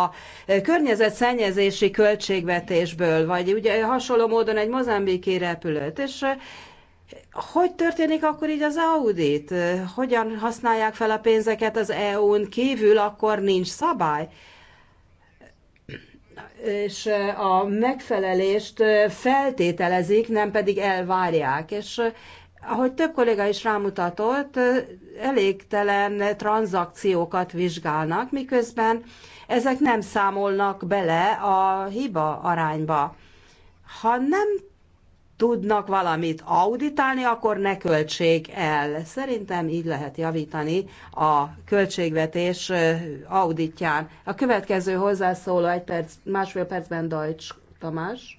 a környezetszennyezési költségvetésből, vagy ugye hasonló módon egy mozambiki repülőt, és eh, hogy történik akkor így az audit? Hogyan használják fel a pénzeket az EU-n kívül, akkor nincs szabály? És eh, a megfelelést eh, feltételezik, nem pedig elvárják. És ahogy több kolléga is rámutatott, elégtelen tranzakciókat vizsgálnak, miközben ezek nem számolnak bele a hiba arányba. Ha nem tudnak valamit auditálni, akkor ne költség el. Szerintem így lehet javítani a költségvetés auditján. A következő hozzászóló egy perc, másfél percben Deutsch Tamás.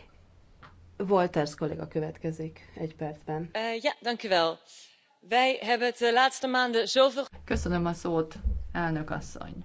Wolters kolléga következik egy percben. Uh, ja, dank u wel. Wij hebben het de eh, laatste maanden zoveel... Köszönöm a szót, elnök asszony.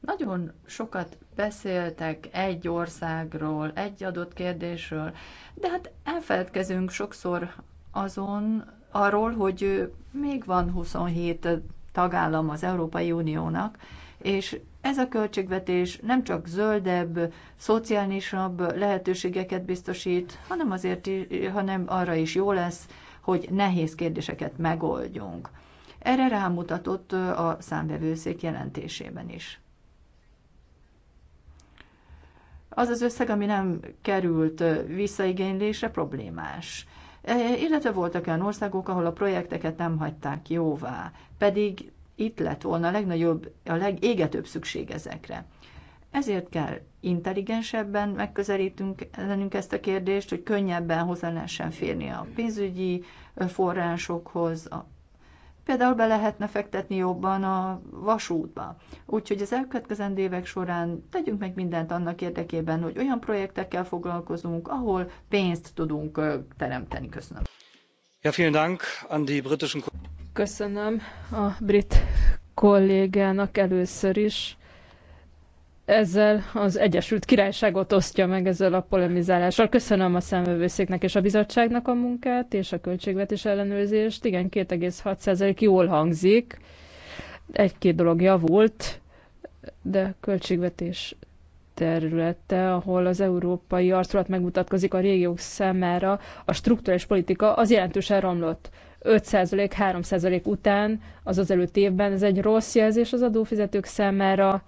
Nagyon sokat beszéltek egy országról, egy adott kérdésről, de hát elfeledkezünk sokszor azon, arról, hogy még van 27 tagállam az Európai Uniónak, és ez a költségvetés nem csak zöldebb, szociálisabb lehetőségeket biztosít, hanem, azért, hanem arra is jó lesz, hogy nehéz kérdéseket megoldjunk. Erre rámutatott a számvevőszék jelentésében is. Az az összeg, ami nem került visszaigénylésre, problémás. E, illetve voltak olyan országok, ahol a projekteket nem hagyták jóvá, pedig itt lett volna a legnagyobb, a legégetőbb szükség ezekre. Ezért kell intelligensebben megközelítünk ellenünk ezt a kérdést, hogy könnyebben hozzá lehessen férni a pénzügyi forrásokhoz, a Például be lehetne fektetni jobban a vasútba. Úgyhogy az elkövetkezendő évek során tegyünk meg mindent annak érdekében, hogy olyan projektekkel foglalkozunk, ahol pénzt tudunk teremteni. Köszönöm. Ja, vielen Dank an die britischen Köszönöm a brit kollégának először is. Ezzel az Egyesült Királyságot osztja meg ezzel a polemizálással. Köszönöm a szemvevőszéknek és a bizottságnak a munkát és a költségvetés ellenőrzést. Igen, 2,6% jól hangzik. Egy-két dolog javult, de költségvetés területe, ahol az európai arculat megmutatkozik a régiók számára, a struktúrális politika az jelentősen romlott. 5%-3% után az az előtt évben. Ez egy rossz jelzés az adófizetők számára,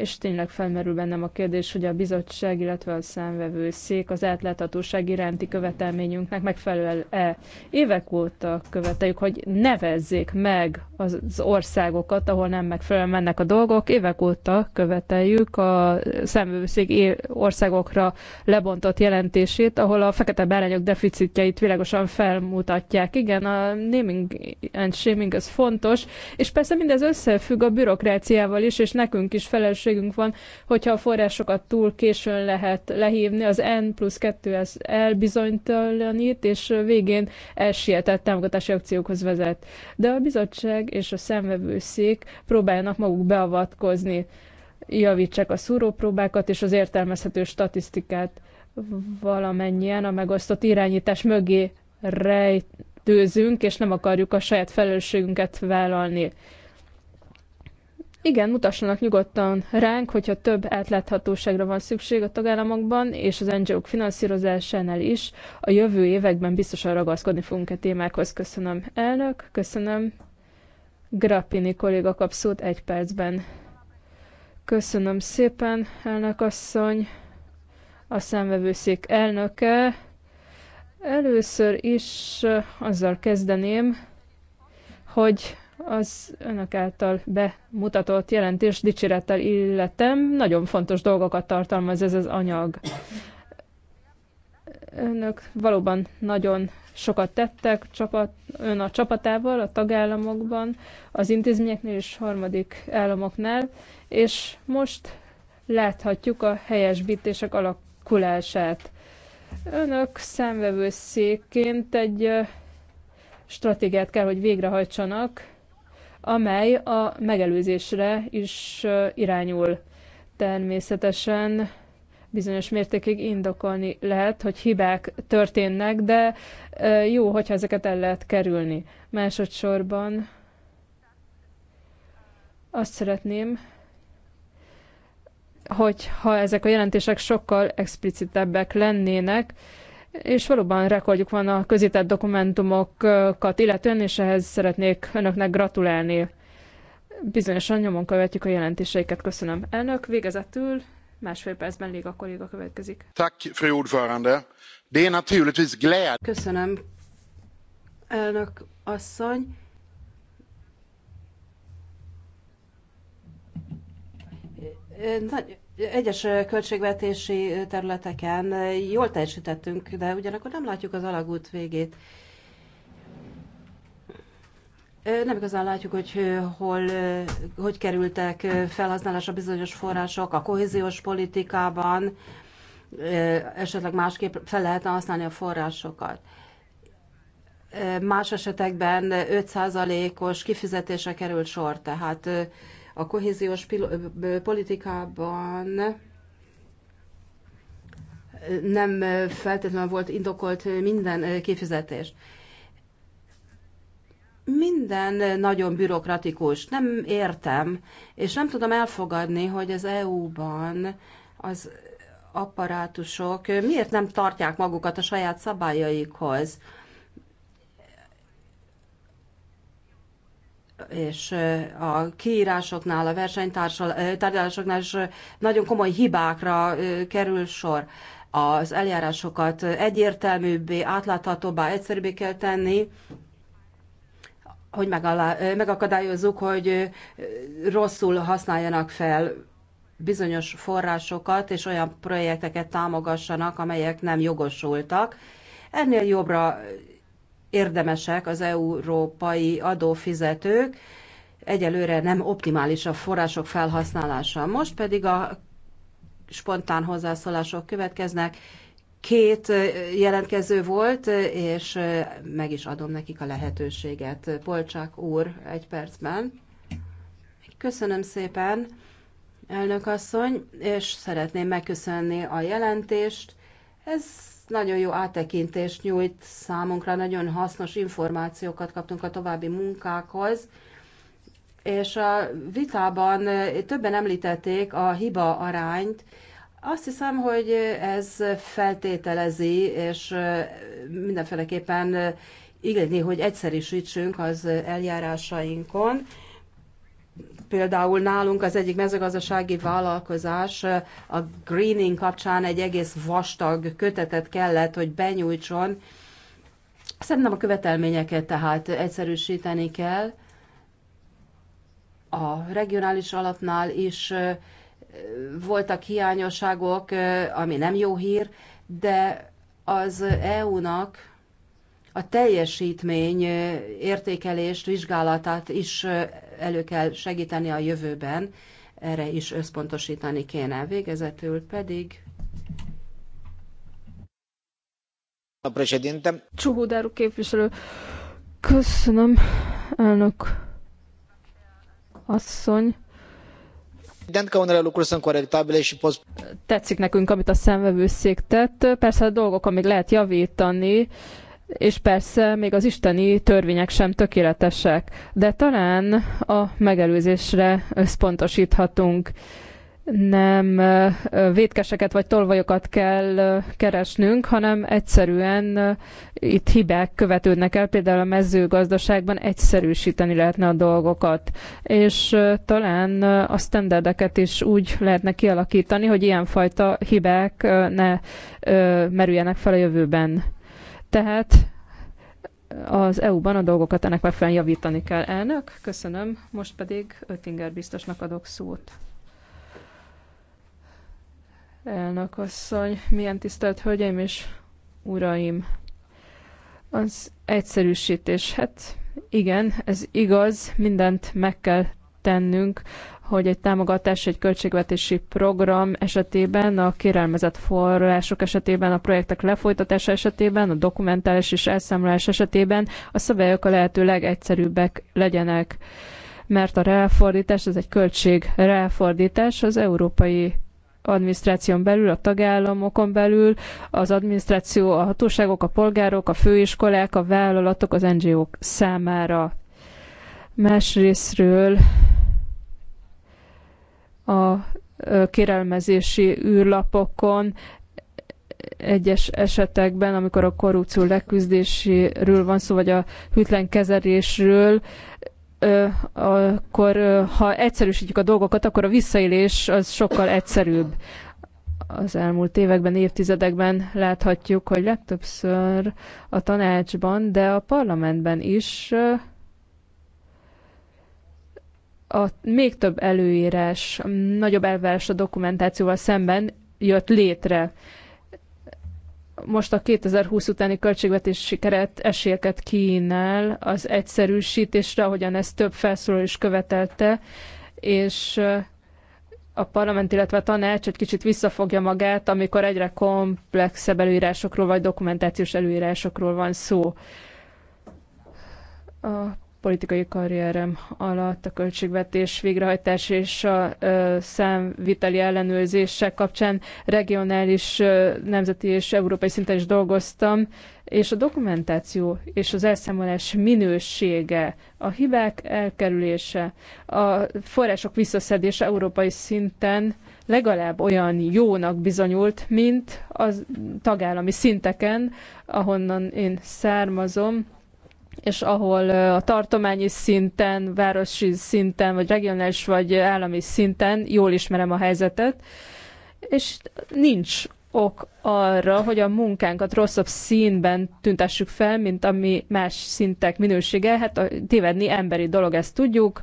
és tényleg felmerül bennem a kérdés, hogy a bizottság, illetve a szék az átláthatóság iránti követelményünknek megfelelően e Évek óta követeljük, hogy nevezzék meg az országokat, ahol nem megfelelően mennek a dolgok. Évek óta követeljük a számvevőszék országokra lebontott jelentését, ahol a fekete bárányok deficitjeit világosan felmutatják. Igen, a naming and shaming az fontos, és persze mindez összefügg a bürokráciával is, és nekünk is felelősség szükségünk van, hogyha a forrásokat túl későn lehet lehívni, az N plusz 2 ez elbizonytalanít, és végén elsietett támogatási akciókhoz vezet. De a bizottság és a szemvevőszék próbálnak maguk beavatkozni, javítsák a szúrópróbákat és az értelmezhető statisztikát valamennyien a megosztott irányítás mögé rejtőzünk, és nem akarjuk a saját felelősségünket vállalni. Igen, mutassanak nyugodtan ránk, hogyha több átláthatóságra van szükség a tagállamokban, és az NGO-k finanszírozásánál is. A jövő években biztosan ragaszkodni fogunk a e témákhoz. Köszönöm, elnök, köszönöm. Grappini kolléga kap szót egy percben. Köszönöm szépen, elnök asszony, a számvevőszék elnöke. Először is eh, azzal kezdeném, hogy az önök által bemutatott jelentés dicsérettel illetem. Nagyon fontos dolgokat tartalmaz ez az anyag. Önök valóban nagyon sokat tettek csapat, ön a csapatával, a tagállamokban, az intézményeknél és harmadik államoknál, és most láthatjuk a helyesbítések alakulását. Önök székként egy stratégiát kell, hogy végrehajtsanak, amely a megelőzésre is irányul. Természetesen bizonyos mértékig indokolni lehet, hogy hibák történnek, de jó, hogyha ezeket el lehet kerülni. Másodszorban azt szeretném, hogy ha ezek a jelentések sokkal explicitebbek lennének, és valóban rekordjuk van a közített dokumentumokat illetően, és ehhez szeretnék önöknek gratulálni. Bizonyosan nyomon követjük a jelentéseiket. Köszönöm. Elnök, végezetül másfél percben Léga kolléga következik. Tak, fru ordförande. Det naturligtvis glädje. Köszönöm, elnök asszony. egyes költségvetési területeken jól teljesítettünk, de ugyanakkor nem látjuk az alagút végét. Nem igazán látjuk, hogy hol, hogy kerültek felhasználásra bizonyos források a kohéziós politikában, esetleg másképp fel lehetne használni a forrásokat. Más esetekben 5%-os kifizetése került sor, tehát a kohéziós politikában nem feltétlenül volt indokolt minden kifizetés. Minden nagyon bürokratikus, nem értem, és nem tudom elfogadni, hogy az EU-ban az apparátusok miért nem tartják magukat a saját szabályaikhoz. és a kiírásoknál, a versenytárgyalásoknál is nagyon komoly hibákra kerül sor. Az eljárásokat egyértelműbbé, átláthatóbbá, egyszerűbbé kell tenni, hogy megakadályozzuk, hogy rosszul használjanak fel bizonyos forrásokat, és olyan projekteket támogassanak, amelyek nem jogosultak. Ennél jobbra érdemesek az európai adófizetők, egyelőre nem optimális a források felhasználása. Most pedig a spontán hozzászólások következnek. Két jelentkező volt, és meg is adom nekik a lehetőséget. Polcsák úr, egy percben. Köszönöm szépen, elnök asszony, és szeretném megköszönni a jelentést. Ez nagyon jó áttekintést nyújt számunkra, nagyon hasznos információkat kaptunk a további munkákhoz, és a vitában többen említették a hiba arányt. Azt hiszem, hogy ez feltételezi, és mindenféleképpen igényli, hogy egyszerűsítsünk az eljárásainkon. Például nálunk az egyik mezőgazdasági vállalkozás a greening kapcsán egy egész vastag kötetet kellett, hogy benyújtson. Szerintem a követelményeket tehát egyszerűsíteni kell. A regionális alapnál is voltak hiányosságok, ami nem jó hír, de az EU-nak a teljesítmény értékelést, vizsgálatát is elő kell segíteni a jövőben, erre is összpontosítani kéne. Végezetül pedig a Csuhudárú képviselő. Köszönöm, elnök asszony. Tetszik nekünk, amit a szemvevőszék tett. Persze a dolgok, amik lehet javítani, és persze még az isteni törvények sem tökéletesek, de talán a megelőzésre összpontosíthatunk. Nem vétkeseket vagy tolvajokat kell keresnünk, hanem egyszerűen itt hibák követődnek el, például a mezőgazdaságban egyszerűsíteni lehetne a dolgokat, és talán a standardeket is úgy lehetne kialakítani, hogy ilyenfajta hibák ne merüljenek fel a jövőben. Tehát az EU-ban a dolgokat ennek megfelelően javítani kell. Elnök, köszönöm. Most pedig Öttinger biztosnak adok szót. Elnök asszony, milyen tisztelt hölgyeim és uraim! Az egyszerűsítés, hát igen, ez igaz, mindent meg kell tennünk hogy egy támogatás, egy költségvetési program esetében, a kérelmezett források esetében, a projektek lefolytatása esetében, a dokumentálás és elszámolás esetében a szabályok a lehető legegyszerűbbek legyenek, mert a ráfordítás, ez egy költség ráfordítás, az európai adminisztráción belül, a tagállamokon belül, az adminisztráció, a hatóságok, a polgárok, a főiskolák, a vállalatok, az NGO-k számára. Másrésztről a kérelmezési űrlapokon, egyes esetekben, amikor a korrupció leküzdéséről van szó, vagy a hűtlen kezelésről, akkor ha egyszerűsítjük a dolgokat, akkor a visszaélés az sokkal egyszerűbb. Az elmúlt években, évtizedekben láthatjuk, hogy legtöbbször a tanácsban, de a parlamentben is a még több előírás, nagyobb elvárás a dokumentációval szemben jött létre. Most a 2020 utáni költségvetési keret esélyeket kínál az egyszerűsítésre, ahogyan ezt több felszóló is követelte, és uh, a parlament, illetve a tanács egy kicsit visszafogja magát, amikor egyre komplexebb előírásokról vagy dokumentációs előírásokról van szó. A politikai karrierem alatt a költségvetés végrehajtás és a ö, számviteli ellenőrzések kapcsán regionális, ö, nemzeti és európai szinten is dolgoztam, és a dokumentáció és az elszámolás minősége, a hibák elkerülése, a források visszaszedése európai szinten legalább olyan jónak bizonyult, mint az tagállami szinteken, ahonnan én származom, és ahol a tartományi szinten, városi szinten, vagy regionális, vagy állami szinten jól ismerem a helyzetet, és nincs ok arra, hogy a munkánkat rosszabb színben tüntessük fel, mint ami más szintek minősége. Hát a tévedni emberi dolog, ezt tudjuk.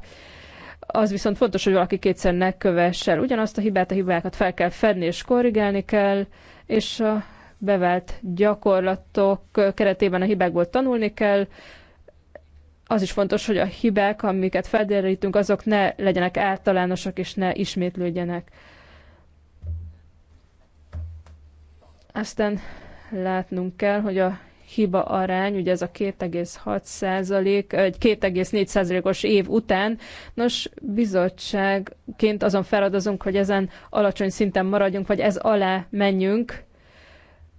Az viszont fontos, hogy valaki kétszer ne kövesse el ugyanazt a hibát, a hibákat fel kell fedni és korrigálni kell, és a bevált gyakorlatok keretében a hibákból tanulni kell, az is fontos, hogy a hibák, amiket felderítünk, azok ne legyenek általánosak és ne ismétlődjenek. Aztán látnunk kell, hogy a hiba arány, ugye ez a 2,6 százalék, egy 2,4 százalékos év után. Nos, bizottságként azon feladozunk, hogy ezen alacsony szinten maradjunk, vagy ez alá menjünk,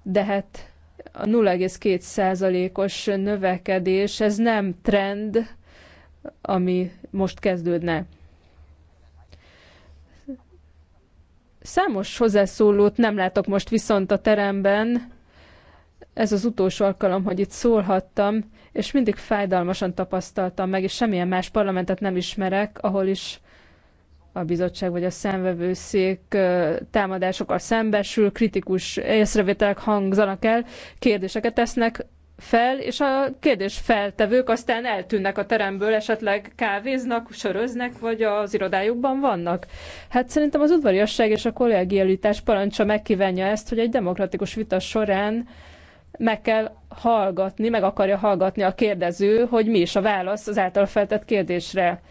de hát a 0,2%-os növekedés, ez nem trend, ami most kezdődne. Számos hozzászólót nem látok most viszont a teremben. Ez az utolsó alkalom, hogy itt szólhattam, és mindig fájdalmasan tapasztaltam meg, és semmilyen más parlamentet nem ismerek, ahol is a bizottság vagy a szemvevőszék támadásokkal szembesül, kritikus észrevételek hangzanak el, kérdéseket tesznek fel, és a kérdés feltevők aztán eltűnnek a teremből, esetleg kávéznak, söröznek, vagy az irodájukban vannak. Hát szerintem az udvariasság és a kollegialitás parancsa megkívánja ezt, hogy egy demokratikus vita során meg kell hallgatni, meg akarja hallgatni a kérdező, hogy mi is a válasz az által feltett kérdésre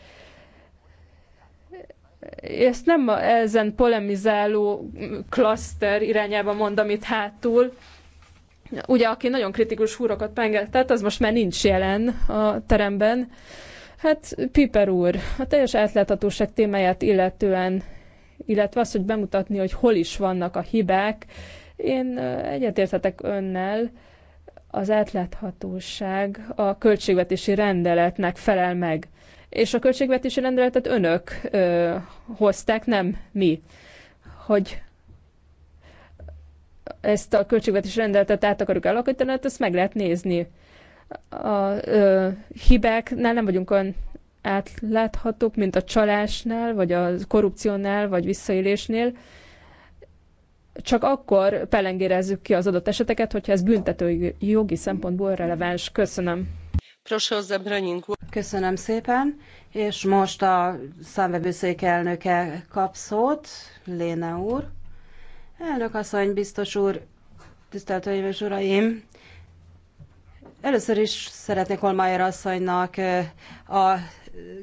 ezt nem ezen polemizáló klaszter irányába mondom itt hátul, ugye aki nagyon kritikus húrokat pengetett, az most már nincs jelen a teremben. Hát Piper úr, a teljes átláthatóság témáját illetően, illetve az, hogy bemutatni, hogy hol is vannak a hibák, én egyetérthetek önnel, az átláthatóság a költségvetési rendeletnek felel meg és a költségvetési rendeletet önök ö, hozták, nem mi. Hogy ezt a költségvetési rendeletet át akarjuk alakítani, hát ezt meg lehet nézni. A ö, hibáknál nem vagyunk olyan átláthatók, mint a csalásnál, vagy a korrupciónál, vagy visszaélésnél. Csak akkor pelengérezzük ki az adott eseteket, hogyha ez büntető jogi szempontból releváns. Köszönöm. Köszönöm szépen, és most a számvevőszék elnöke kap szót, Léna úr. Elnök asszony, biztos úr, tisztelt Hölgyeim és Uraim! Először is szeretnék Olmájer asszonynak, a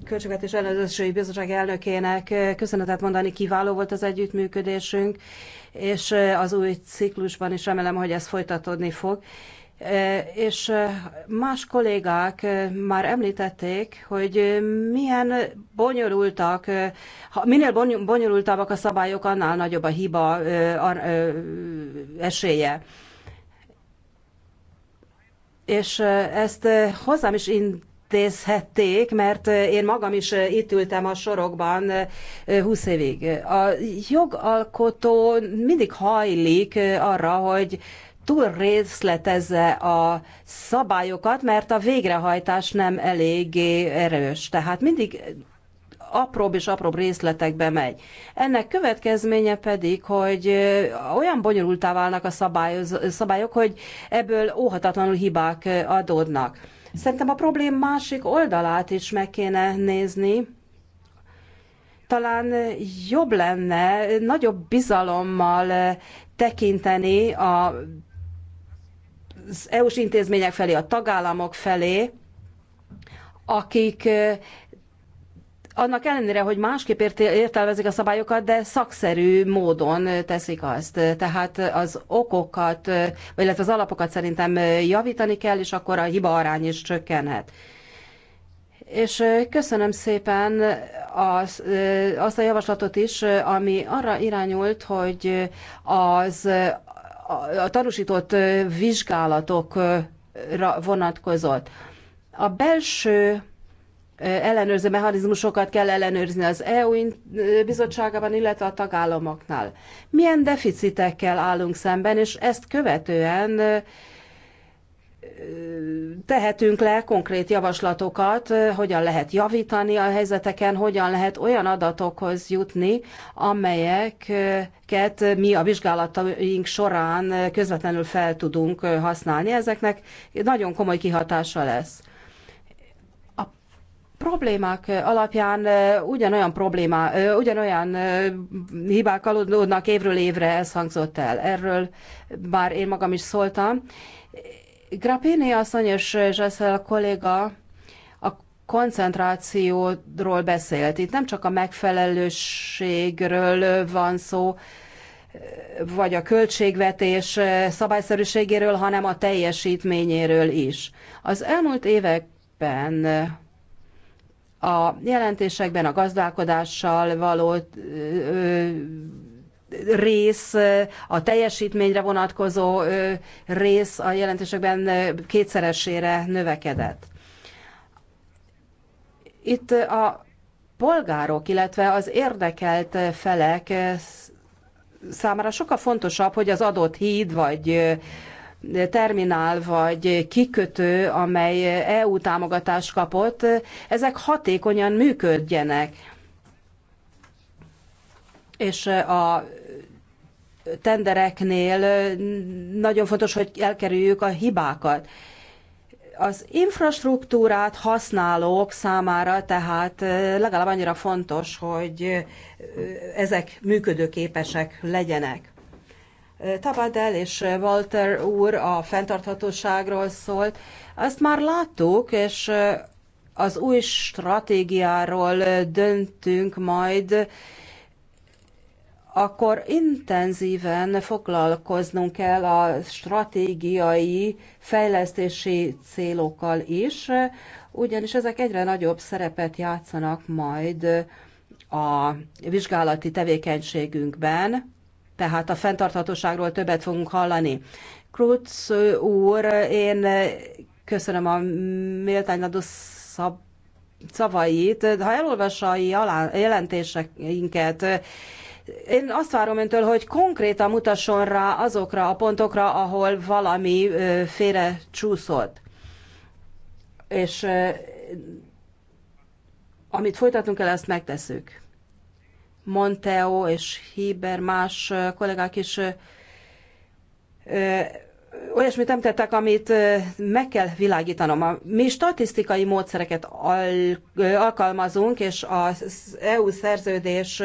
Költségvetés Ellenőrzési Bizottság elnökének köszönetet mondani, kiváló volt az együttműködésünk, és az új ciklusban is remélem, hogy ez folytatódni fog. Eh, és eh, más kollégák eh, már említették, hogy milyen bonyolultak, minél bonyolultabbak a szabályok, annál nagyobb a hiba esélye. És ezt hozzám is intézhették, mert én magam is itt ültem a sorokban 20 évig. A jogalkotó mindig hajlik arra, hogy túl részletezze a szabályokat, mert a végrehajtás nem eléggé erős. Tehát mindig apróbb és apróbb részletekbe megy. Ennek következménye pedig, hogy olyan bonyolultá válnak a szabályok, hogy ebből óhatatlanul hibák adódnak. Szerintem a problém másik oldalát is meg kéne nézni. Talán jobb lenne nagyobb bizalommal tekinteni a az EU-s intézmények felé, a tagállamok felé, akik annak ellenére, hogy másképp értelmezik a szabályokat, de szakszerű módon teszik azt. Tehát az okokat, illetve az alapokat szerintem javítani kell, és akkor a hiba arány is csökkenhet. És köszönöm szépen az, azt a javaslatot is, ami arra irányult, hogy az a tanúsított vizsgálatokra vonatkozott. A belső ellenőrző mechanizmusokat kell ellenőrizni az EU bizottságában, illetve a tagállamoknál. Milyen deficitekkel állunk szemben, és ezt követően tehetünk le konkrét javaslatokat, hogyan lehet javítani a helyzeteken, hogyan lehet olyan adatokhoz jutni, amelyeket mi a vizsgálataink során közvetlenül fel tudunk használni. Ezeknek nagyon komoly kihatása lesz. A problémák alapján ugyanolyan, problémá, ugyanolyan hibák aludnak évről évre, ez hangzott el. Erről bár én magam is szóltam Grappini asszony és Zseszel kolléga a koncentrációról beszélt. Itt nem csak a megfelelőségről van szó, vagy a költségvetés szabályszerűségéről, hanem a teljesítményéről is. Az elmúlt években a jelentésekben a gazdálkodással való rész, a teljesítményre vonatkozó rész a jelentésekben kétszeresére növekedett. Itt a polgárok, illetve az érdekelt felek számára sokkal fontosabb, hogy az adott híd vagy terminál vagy kikötő, amely EU támogatást kapott, ezek hatékonyan működjenek és a tendereknél nagyon fontos, hogy elkerüljük a hibákat. Az infrastruktúrát használók számára tehát legalább annyira fontos, hogy ezek működőképesek legyenek. Tabadel és Walter úr a fenntarthatóságról szólt. Azt már láttuk, és az új stratégiáról döntünk majd akkor intenzíven foglalkoznunk kell a stratégiai fejlesztési célokkal is, ugyanis ezek egyre nagyobb szerepet játszanak majd a vizsgálati tevékenységünkben, tehát a fenntarthatóságról többet fogunk hallani. Krutz úr, én köszönöm a méltányadó szavait, de ha elolvassa a jelentéseinket, én azt várom öntől, hogy konkrétan mutasson rá azokra a pontokra, ahol valami félre csúszott. És amit folytatunk el, ezt megteszük. Monteo és Hiber más kollégák is olyasmit nem tettek, amit meg kell világítanom. Mi statisztikai módszereket alkalmazunk, és az EU szerződés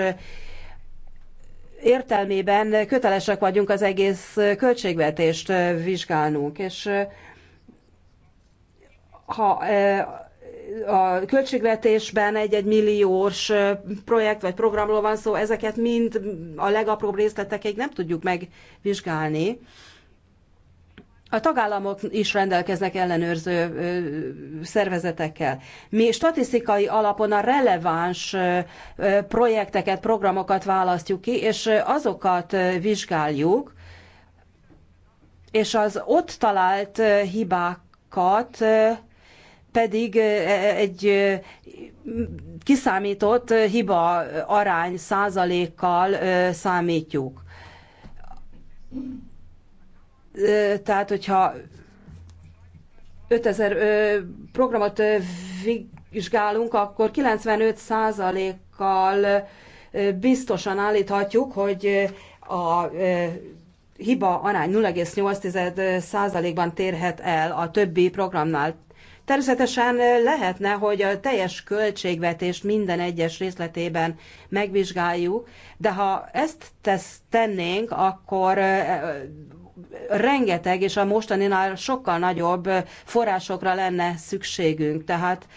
értelmében kötelesek vagyunk az egész költségvetést vizsgálnunk, és ha a költségvetésben egy-egy milliós projekt vagy programról van szó, ezeket mind a legapróbb részletekig nem tudjuk megvizsgálni. A tagállamok is rendelkeznek ellenőrző szervezetekkel. Mi statisztikai alapon a releváns projekteket, programokat választjuk ki, és azokat vizsgáljuk, és az ott talált hibákat pedig e, e, egy kiszámított hiba arány százalékkal számítjuk tehát hogyha 5000 programot vizsgálunk, akkor 95%-kal biztosan állíthatjuk, hogy a hiba arány 0,8%-ban térhet el a többi programnál. Természetesen lehetne, hogy a teljes költségvetést minden egyes részletében megvizsgáljuk, de ha ezt tesz, tennénk, akkor rengeteg, és a mostaninál sokkal nagyobb forrásokra lenne szükségünk. Tehát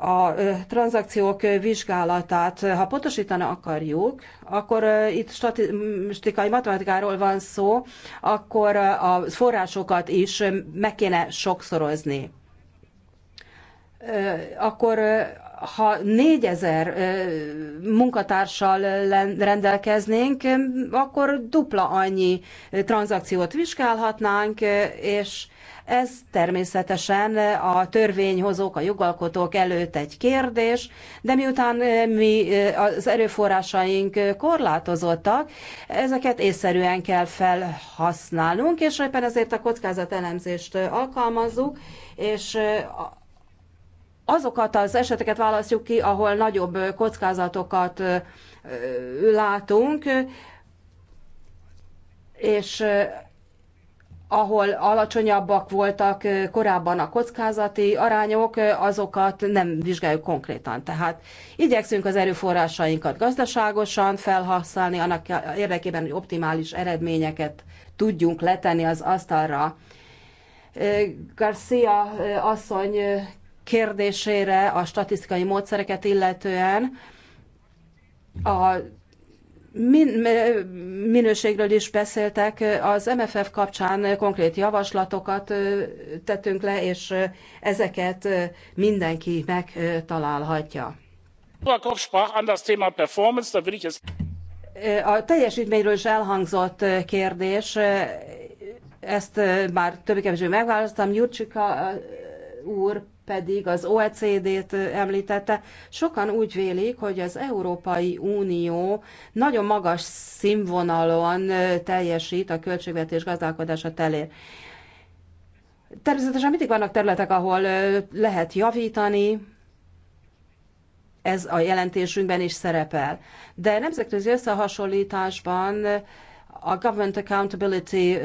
a tranzakciók vizsgálatát, ha pontosítani akarjuk, akkor itt statisztikai matematikáról van szó, akkor a forrásokat is meg kéne sokszorozni. Akkor ha négyezer munkatársal rendelkeznénk, akkor dupla annyi tranzakciót vizsgálhatnánk, és ez természetesen a törvényhozók, a jogalkotók előtt egy kérdés, de miután mi az erőforrásaink korlátozottak, ezeket észszerűen kell felhasználnunk, és éppen ezért a kockázatelemzést alkalmazzuk, és azokat az eseteket választjuk ki, ahol nagyobb kockázatokat látunk, és ahol alacsonyabbak voltak korábban a kockázati arányok, azokat nem vizsgáljuk konkrétan. Tehát igyekszünk az erőforrásainkat gazdaságosan felhasználni, annak érdekében, hogy optimális eredményeket tudjunk letenni az asztalra. Garcia asszony kérdésére a statisztikai módszereket illetően. A min- minőségről is beszéltek, az MFF kapcsán konkrét javaslatokat tettünk le, és ezeket mindenki megtalálhatja. A teljesítményről is elhangzott kérdés, ezt már többé-kevésbé megválasztottam. Jurcsika úr pedig az OECD-t említette, sokan úgy vélik, hogy az Európai Unió nagyon magas színvonalon teljesít a költségvetés gazdálkodása telén. Természetesen mindig vannak területek, ahol lehet javítani, ez a jelentésünkben is szerepel. De nemzetközi összehasonlításban a Government Accountability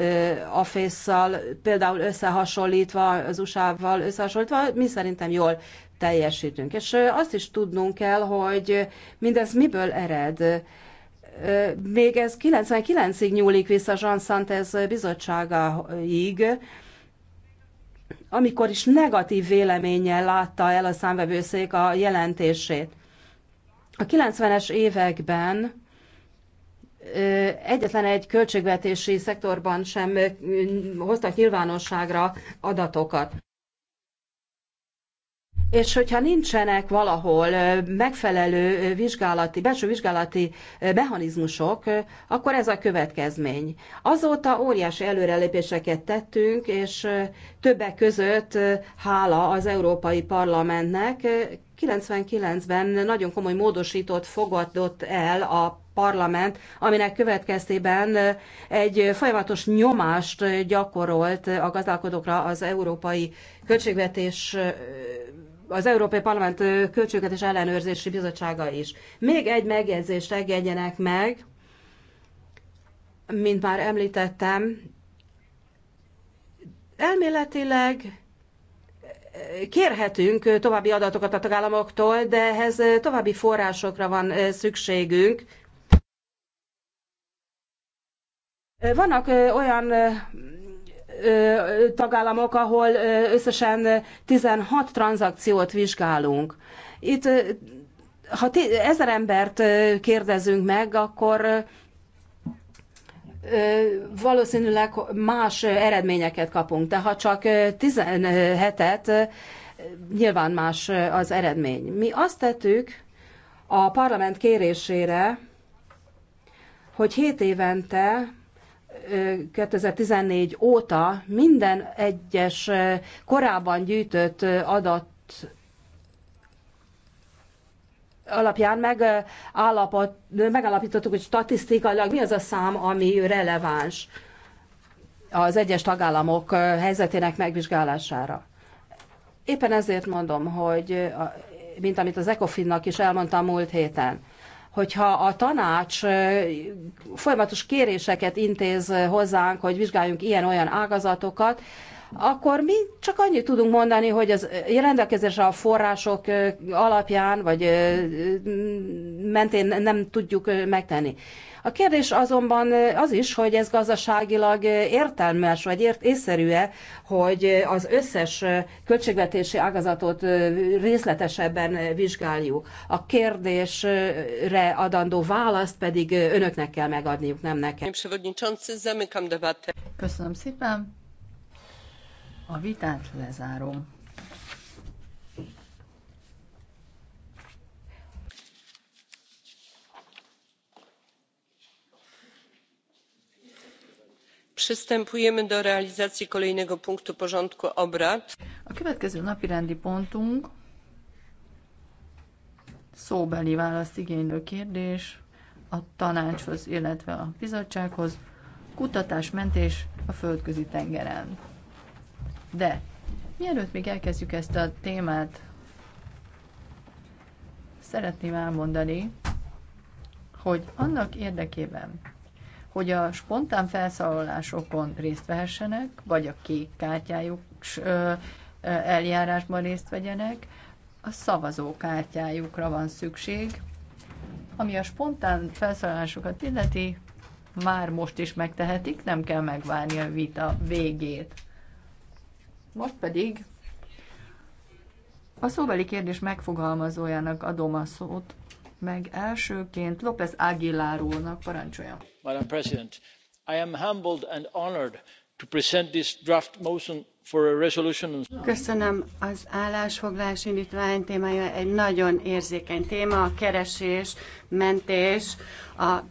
Office-szal például összehasonlítva, az USA-val összehasonlítva, mi szerintem jól teljesítünk. És azt is tudnunk kell, hogy mindez miből ered. Még ez 99-ig nyúlik vissza Jean Santez bizottságaig, amikor is negatív véleménnyel látta el a számvevőszék a jelentését. A 90-es években egyetlen egy költségvetési szektorban sem hoztak nyilvánosságra adatokat. És hogyha nincsenek valahol megfelelő vizsgálati, belső vizsgálati mechanizmusok, akkor ez a következmény. Azóta óriási előrelépéseket tettünk, és többek között hála az Európai Parlamentnek 99-ben nagyon komoly módosítót fogadott el a parlament, aminek következtében egy folyamatos nyomást gyakorolt a gazdálkodókra az európai költségvetés az Európai Parlament Költségvetés Ellenőrzési Bizottsága is. Még egy megjegyzést engedjenek meg, mint már említettem, elméletileg kérhetünk további adatokat a tagállamoktól, de ehhez további forrásokra van eh, szükségünk. Vannak eh, olyan eh, tagállamok, ahol összesen 16 tranzakciót vizsgálunk. Itt, ha ezer embert kérdezünk meg, akkor valószínűleg más eredményeket kapunk, de ha csak 17-et, nyilván más az eredmény. Mi azt tettük a parlament kérésére, hogy 7 évente 2014 óta minden egyes korábban gyűjtött adat alapján megállapot, megállapítottuk, hogy statisztikailag mi az a szám, ami releváns az egyes tagállamok helyzetének megvizsgálására. Éppen ezért mondom, hogy mint amit az ECOFIN-nak is elmondtam múlt héten, hogyha a tanács folyamatos kéréseket intéz hozzánk, hogy vizsgáljunk ilyen-olyan ágazatokat, akkor mi csak annyit tudunk mondani, hogy az rendelkezésre a források alapján vagy mentén nem tudjuk megtenni. A kérdés azonban az is, hogy ez gazdaságilag értelmes vagy ért észszerű-e, hogy az összes költségvetési ágazatot részletesebben vizsgáljuk. A kérdésre adandó választ pedig önöknek kell megadniuk, nem nekem. Köszönöm szépen. A vitát lezárom. Przystępujemy do realizacji kolejnego punktu porządku obrad. A következő napirendi pontunk szóbeli választ igénylő kérdés a tanácshoz, illetve a bizottsághoz, mentés a földközi tengeren. De mielőtt még elkezdjük ezt a témát, szeretném elmondani, hogy annak érdekében, hogy a spontán felszólalásokon részt vehessenek, vagy a kék kártyájuk eljárásban részt vegyenek, a szavazókártyájukra van szükség, ami a spontán felszólalásokat illeti, már most is megtehetik, nem kell megvárni a vita végét. Most pedig a szóbeli kérdés megfogalmazójának adom a szót, meg elsőként López Aguilar úrnak parancsolja. Madam President, I am humbled and honored to present this draft motion for a resolution. Köszönöm az állásfoglalás indítvány témája egy nagyon érzékeny téma, a keresés, mentés, a, a,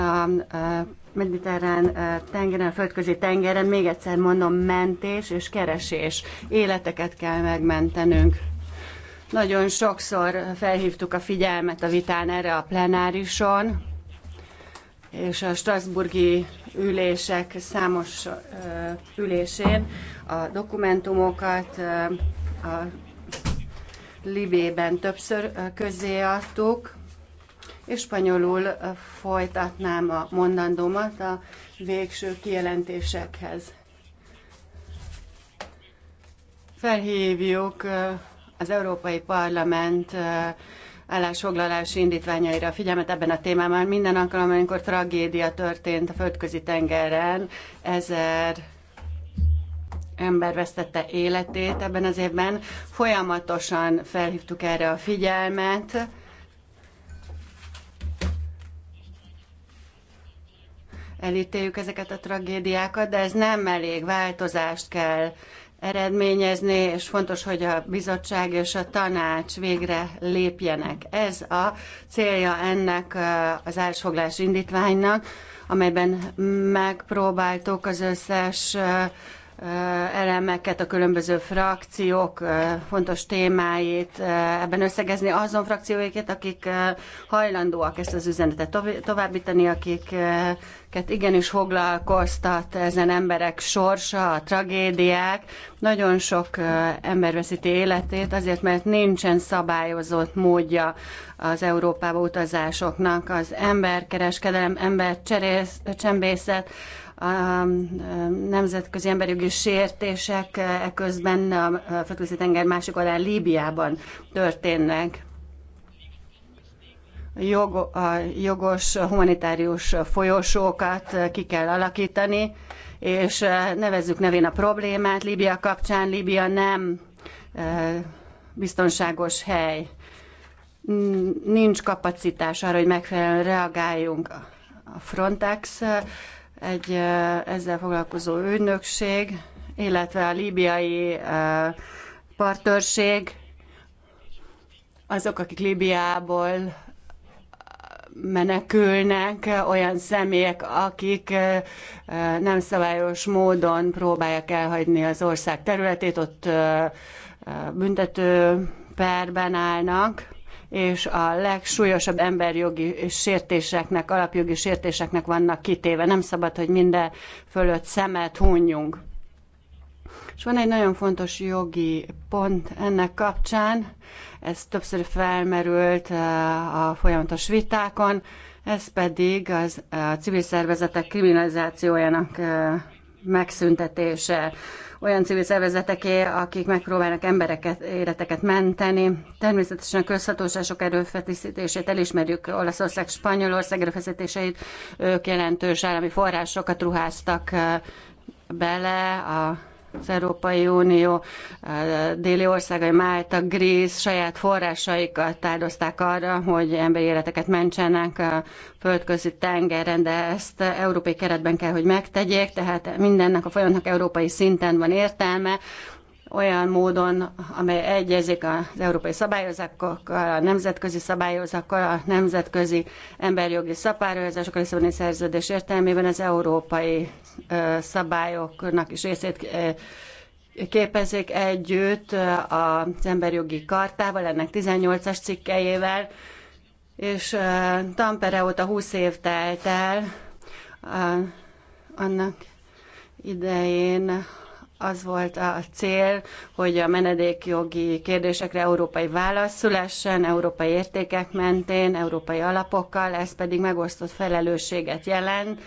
a, a mediterrán tengeren, a földközi tengeren, még egyszer mondom, mentés és keresés. Életeket kell megmentenünk. Nagyon sokszor felhívtuk a figyelmet a vitán erre a plenárison, és a Strasburgi ülések számos ülésén a dokumentumokat a Libében többször közzéadtuk, és spanyolul folytatnám a mondandómat a végső kijelentésekhez. Felhívjuk az Európai Parlament állásfoglalási indítványaira a figyelmet ebben a témában. Minden alkalommal, amikor tragédia történt a földközi tengeren, ezer ember vesztette életét ebben az évben. Folyamatosan felhívtuk erre a figyelmet elítéljük ezeket a tragédiákat, de ez nem elég, változást kell eredményezni, és fontos, hogy a bizottság és a tanács végre lépjenek. Ez a célja ennek az állásfoglás indítványnak, amelyben megpróbáltuk az összes elemeket, a különböző frakciók fontos témáit ebben összegezni, azon frakcióikat, akik hajlandóak ezt az üzenetet továbbítani, akiket igenis foglalkoztat ezen emberek sorsa, a tragédiák. Nagyon sok ember veszíti életét azért, mert nincsen szabályozott módja az Európába utazásoknak. Az emberkereskedelem, embercsempészet, a nemzetközi emberjogi sértések e, közben a földközi tenger másik oldalán Líbiában történnek. Jog, a jogos humanitárius folyosókat ki kell alakítani, és e, nevezzük nevén a problémát Líbia kapcsán. Líbia nem e, biztonságos hely. Nincs kapacitás arra, hogy megfelelően reagáljunk. A Frontex egy ezzel foglalkozó ügynökség, illetve a líbiai partnerség, azok, akik Líbiából menekülnek, olyan személyek, akik nem szabályos módon próbálják elhagyni az ország területét, ott büntető perben állnak és a legsúlyosabb emberjogi sértéseknek, alapjogi sértéseknek vannak kitéve. Nem szabad, hogy minden fölött szemet hunjunk. És van egy nagyon fontos jogi pont ennek kapcsán, ez többször felmerült eh, a folyamatos vitákon, ez pedig az, eh, a civil szervezetek kriminalizációjának eh, megszüntetése olyan civil szervezeteké, akik megpróbálnak embereket, életeket menteni. Természetesen a közhatóságok erőfeszítését elismerjük, Olaszország, Spanyolország erőfeszítéseit, ők jelentős állami forrásokat ruháztak bele a az Európai Unió déli országai, Málta, Gríz saját forrásaikat tározták arra, hogy emberi életeket mentsenek a földközi tengeren, de ezt európai keretben kell, hogy megtegyék, tehát mindennek a folyamatnak európai szinten van értelme, olyan módon, amely egyezik az európai szabályozásokkal, a nemzetközi szabályozásokkal, a nemzetközi emberjogi szabályozásokkal, hiszen a szerződés értelmében az európai szabályoknak is részét képezik együtt az emberjogi kartával, ennek 18-as cikkejével, és Tampere óta 20 év telt el, annak idején az volt a cél, hogy a menedékjogi kérdésekre európai válasz szülessen, európai értékek mentén, európai alapokkal, ez pedig megosztott felelősséget jelent,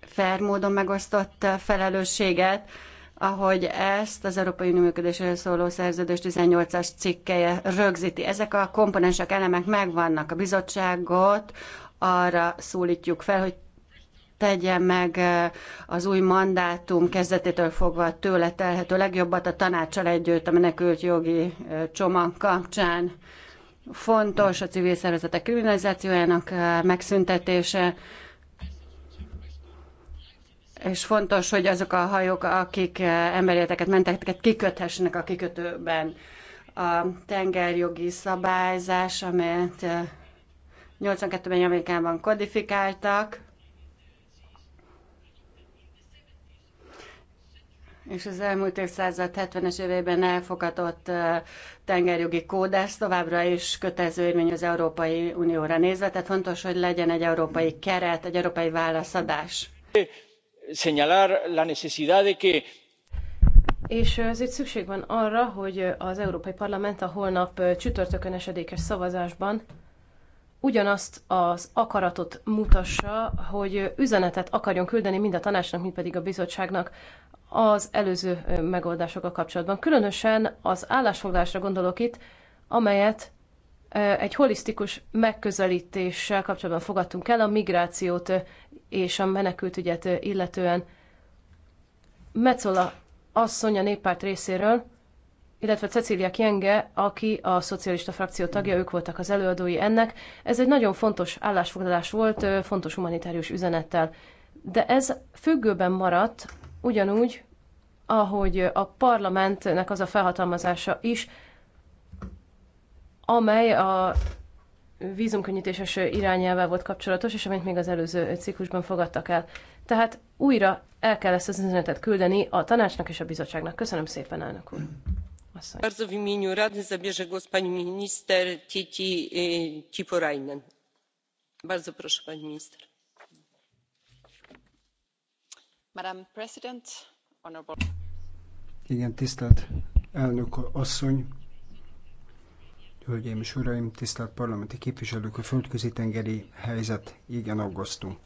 fair módon megosztott felelősséget, ahogy ezt az Európai Unió működéséről szóló szerződés 18-as cikkeje rögzíti. Ezek a komponensek, elemek megvannak. A bizottságot arra szólítjuk fel, hogy tegye meg az új mandátum kezdetétől fogva tőle telhető legjobbat a tanácsal együtt a menekült jogi csomag kapcsán. Fontos a civil szervezetek kriminalizációjának megszüntetése, és fontos, hogy azok a hajók, akik emberéleteket menteket kiköthessenek a kikötőben. A tengerjogi szabályzás, amelyet 82-ben Amerikában kodifikáltak, és az elmúlt évszázad 70-es évében elfogadott tengerjogi kódás továbbra is kötelező érvény az Európai Unióra nézve, tehát fontos, hogy legyen egy európai keret, egy európai válaszadás. és ezért szükség van arra, hogy az Európai Parlament a holnap csütörtökön esedékes szavazásban ugyanazt az akaratot mutassa, hogy üzenetet akarjon küldeni mind a tanácsnak, mind pedig a bizottságnak az előző megoldásokkal kapcsolatban. Különösen az állásfoglalásra gondolok itt, amelyet egy holisztikus megközelítéssel kapcsolatban fogadtunk el a migrációt és a menekültügyet illetően. Metzola asszony a néppárt részéről illetve Cecília Kienge, aki a szocialista frakció tagja, ők voltak az előadói ennek. Ez egy nagyon fontos állásfoglalás volt, fontos humanitárius üzenettel. De ez függőben maradt, ugyanúgy, ahogy a parlamentnek az a felhatalmazása is, amely a vízumkönnyítéses irányelvvel volt kapcsolatos, és amit még az előző ciklusban fogadtak el. Tehát újra el kell ezt az üzenetet küldeni a tanácsnak és a bizottságnak. Köszönöm szépen, elnök úr! asszony. Igen, tisztelt elnök asszony, hölgyeim és uraim, tisztelt parlamenti képviselők, a földközi-tengeri helyzet igen aggasztó.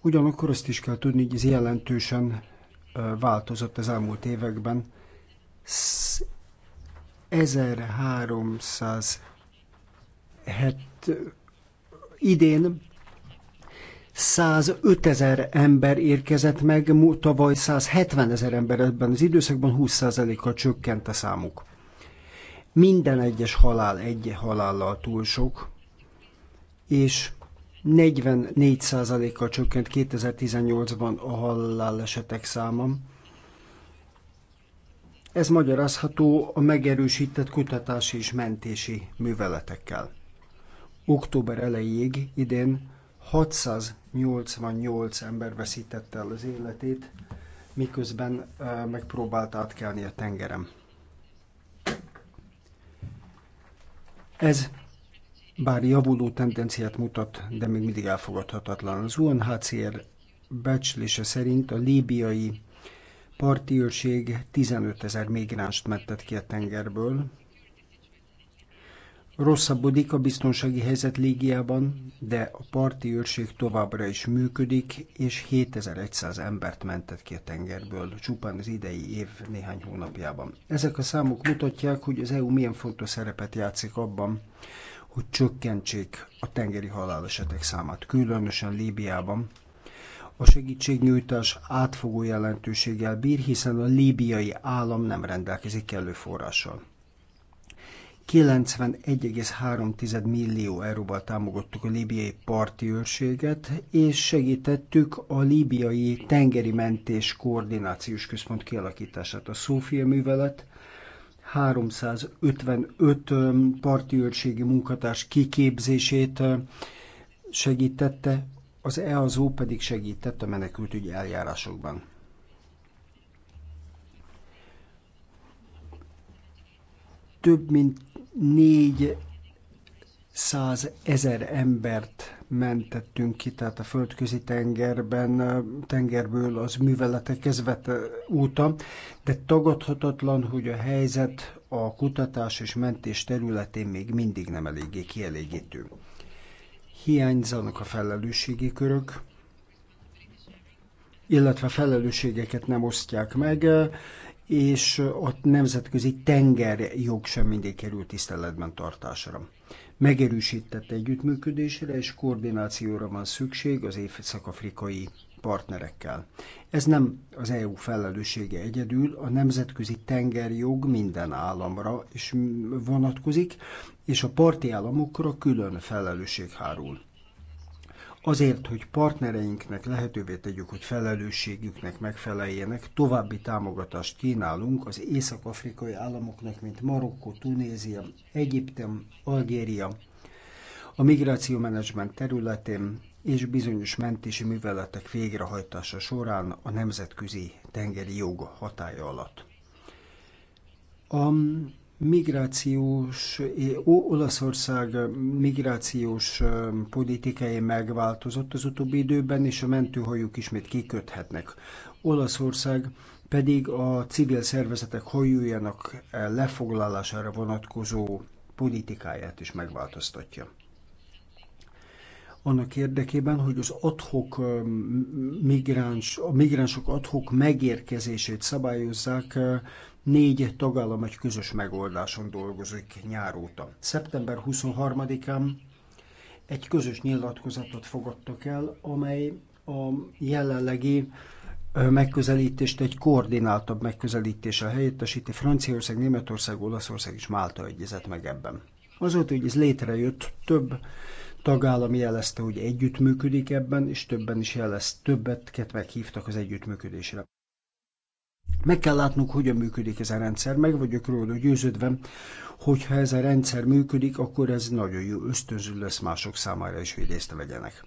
Ugyanakkor azt is kell tudni, hogy ez jelentősen változott az elmúlt években, 1300 idén 105 ezer ember érkezett meg, tavaly 170 ezer ember ebben az időszakban 20%-kal csökkent a számuk. Minden egyes halál egy halállal túl sok, és 44%-kal csökkent 2018-ban a halálesetek számom. Ez magyarázható a megerősített kutatási és mentési műveletekkel. Október elejéig idén 688 ember veszítette el az életét, miközben megpróbált átkelni a tengerem. Ez bár javuló tendenciát mutat, de még mindig elfogadhatatlan. Az UNHCR becslése szerint a líbiai parti őrség 15 ezer migránst mentett ki a tengerből. Rosszabbodik a biztonsági helyzet Lígiában, de a parti őrség továbbra is működik, és 7100 embert mentett ki a tengerből, csupán az idei év néhány hónapjában. Ezek a számok mutatják, hogy az EU milyen fontos szerepet játszik abban, hogy csökkentsék a tengeri halálesetek számát, különösen Líbiában, a segítségnyújtás átfogó jelentőséggel bír, hiszen a líbiai állam nem rendelkezik kellő forrással. 91,3 millió euróval támogattuk a líbiai parti őrséget, és segítettük a líbiai tengeri mentés koordinációs központ kialakítását. A Szófia művelet 355 parti őrségi munkatárs kiképzését segítette, az EASO pedig segített a menekültügyi eljárásokban. Több mint 400 ezer embert mentettünk ki, tehát a földközi tengerben, tengerből az műveletek kezdvet óta, de tagadhatatlan, hogy a helyzet a kutatás és mentés területén még mindig nem eléggé kielégítő hiányzanak a felelősségi körök, illetve felelősségeket nem osztják meg, és a nemzetközi tengerjog sem mindig került tiszteletben tartásra. Megerősített együttműködésre és koordinációra van szükség az észak-afrikai partnerekkel. Ez nem az EU felelőssége egyedül, a nemzetközi tengerjog minden államra is vonatkozik, és a parti államokra külön felelősség hárul. Azért, hogy partnereinknek lehetővé tegyük, hogy felelősségüknek megfeleljenek, további támogatást kínálunk az észak-afrikai államoknak, mint Marokko, Tunézia, Egyiptem, Algéria, a migráció menedzsment területén és bizonyos mentési műveletek végrehajtása során a nemzetközi tengeri jog hatája alatt. A migrációs, Olaszország migrációs politikai megváltozott az utóbbi időben, és a mentőhajók ismét kiköthetnek. Olaszország pedig a civil szervezetek hajójának lefoglalására vonatkozó politikáját is megváltoztatja annak érdekében, hogy az adhok migráns, a migránsok adhok megérkezését szabályozzák, négy tagállam egy közös megoldáson dolgozik nyáróta. Szeptember 23-án egy közös nyilatkozatot fogadtak el, amely a jelenlegi megközelítést egy koordináltabb megközelítéssel helyettesíti. Franciaország, Németország, Olaszország és Málta egyezett meg ebben. Azóta, hogy ez létrejött, több tagállam jelezte, hogy együttműködik ebben, és többen is jelez többet meghívtak az együttműködésre. Meg kell látnunk, hogyan működik ez a rendszer. Meg vagyok róla győződve, hogyha ez a rendszer működik, akkor ez nagyon jó ösztönző lesz mások számára is, hogy részt vegyenek.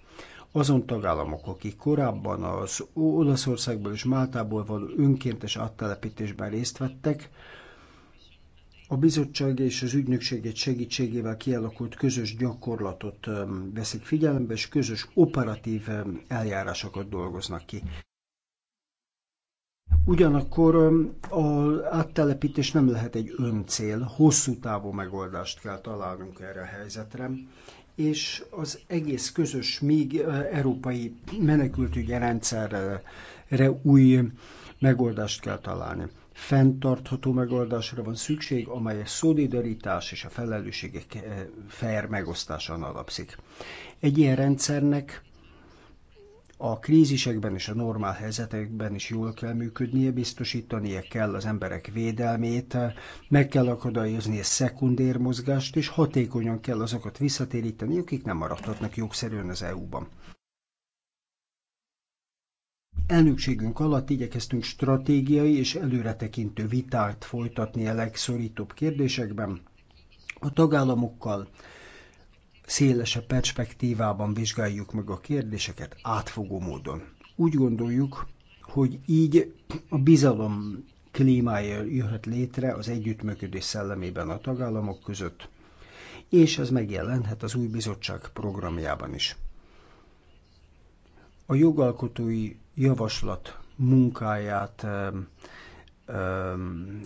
Azon tagállamok, akik korábban az Olaszországból és Máltából való önkéntes áttelepítésben részt vettek, a bizottság és az egy segítségével kialakult közös gyakorlatot um, veszik figyelembe, és közös operatív um, eljárásokat dolgoznak ki. Ugyanakkor um, az áttelepítés nem lehet egy öncél, hosszú távú megoldást kell találnunk erre a helyzetre, és az egész közös, még uh, európai menekültügyi rendszerre új megoldást kell találni fenntartható megoldásra van szükség, amely a szolidaritás és a felelősségek eh, fair megosztásán alapszik. Egy ilyen rendszernek a krízisekben és a normál helyzetekben is jól kell működnie, biztosítania kell az emberek védelmét, meg kell akadályozni a szekundérmozgást, mozgást, és hatékonyan kell azokat visszatéríteni, akik nem maradhatnak jogszerűen az EU-ban. Elnökségünk alatt igyekeztünk stratégiai és előretekintő vitát folytatni a legszorítóbb kérdésekben, a tagállamokkal szélesebb perspektívában vizsgáljuk meg a kérdéseket átfogó módon. Úgy gondoljuk, hogy így a bizalom klímája jöhet létre az együttműködés szellemében a tagállamok között, és ez megjelenhet az új bizottság programjában is a jogalkotói javaslat munkáját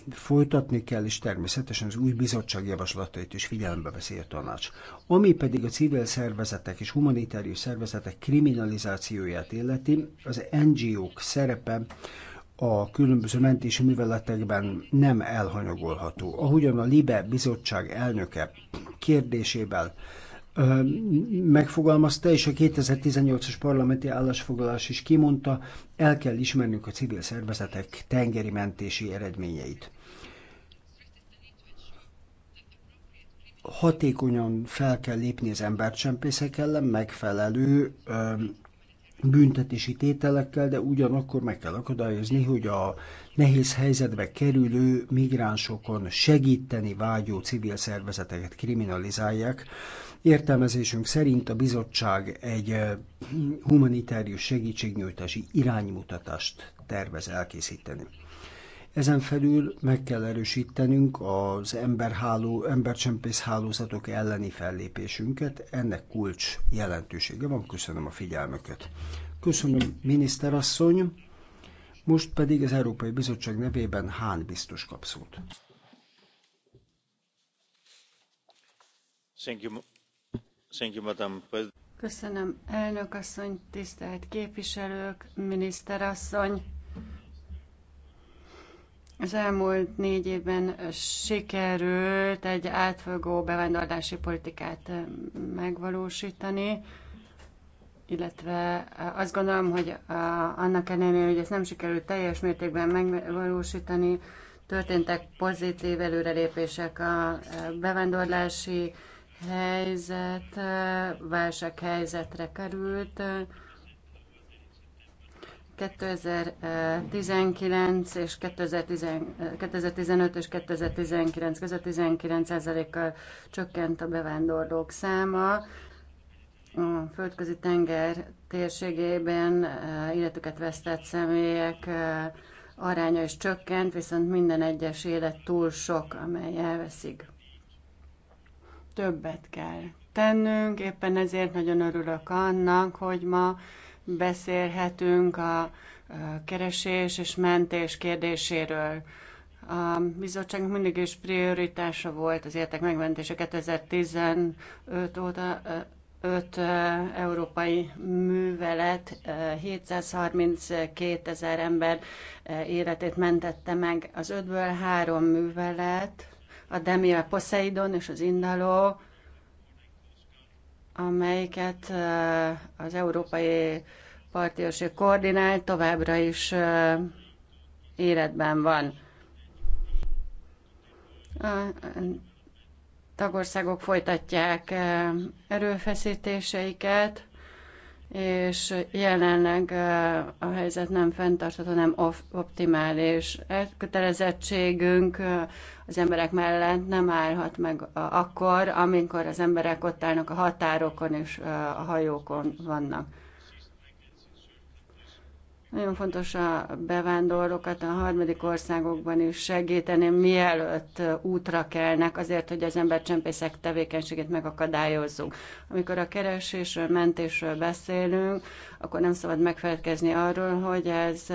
folytatni kell, és természetesen az új bizottság javaslatait is figyelembe veszi a tanács. Ami pedig a civil szervezetek és humanitárius szervezetek kriminalizációját illeti, az NGO-k szerepe a különböző mentési műveletekben nem elhanyagolható. Ahogyan a Libe bizottság elnöke kérdésével megfogalmazta, és a 2018-as parlamenti állásfoglalás is kimondta, el kell ismernünk a civil szervezetek tengeri mentési eredményeit. Hatékonyan fel kell lépni az embercsempészek ellen, megfelelő büntetési tételekkel, de ugyanakkor meg kell akadályozni, hogy a nehéz helyzetbe kerülő migránsokon segíteni vágyó civil szervezeteket kriminalizálják Értelmezésünk szerint a bizottság egy humanitárius segítségnyújtási iránymutatást tervez elkészíteni. Ezen felül meg kell erősítenünk az emberháló, embercsempész hálózatok elleni fellépésünket, ennek kulcs jelentősége van, köszönöm a figyelmüket. Köszönöm, miniszterasszony, most pedig az Európai Bizottság nevében Hán biztos kap szót. Köszönöm, elnök asszony, tisztelt képviselők, miniszterasszony. Az elmúlt négy évben sikerült egy átfogó bevándorlási politikát eh, megvalósítani, illetve eh, azt gondolom, hogy eh, annak ellenére, hogy ezt nem sikerült teljes mértékben megvalósítani, történtek pozitív előrelépések a bevándorlási helyzet válsághelyzetre került. 2019 és 2015 és 2019 között 19%-kal csökkent a bevándorlók száma. A földközi tenger térségében eh, életüket vesztett személyek eh, aránya is csökkent, viszont minden egyes élet túl sok, amely elveszik többet kell tennünk, éppen ezért nagyon örülök annak, hogy ma beszélhetünk a keresés és mentés kérdéséről. A bizottságnak mindig is prioritása volt az életek megmentése 2015 óta, 5 európai művelet 732 ezer ember életét mentette meg. Az ötből három művelet a a Poseidon és az Indalo, amelyiket az Európai Partiőrség koordinál, továbbra is életben van. A tagországok folytatják erőfeszítéseiket, és jelenleg a helyzet nem fenntartható, nem optimális. Elkötelezettségünk az emberek mellett nem állhat meg akkor, amikor az emberek ott állnak a határokon és a hajókon vannak. Nagyon fontos a bevándorlókat a harmadik országokban is segíteni, mielőtt útra kelnek, azért, hogy az embercsempészek tevékenységét megakadályozzuk. Amikor a keresésről, mentésről beszélünk, akkor nem szabad megfelelkezni arról, hogy ez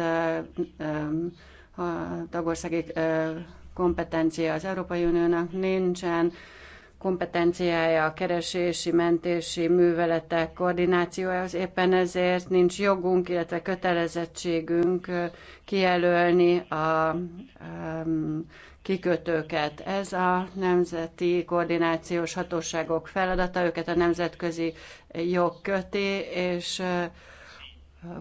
a tagországi kompetencia az Európai Uniónak nincsen kompetenciája a keresési, mentési műveletek koordinációja. az Éppen ezért nincs jogunk, illetve kötelezettségünk kijelölni a um, kikötőket. Ez a nemzeti koordinációs hatóságok feladata, őket a nemzetközi jog köti, és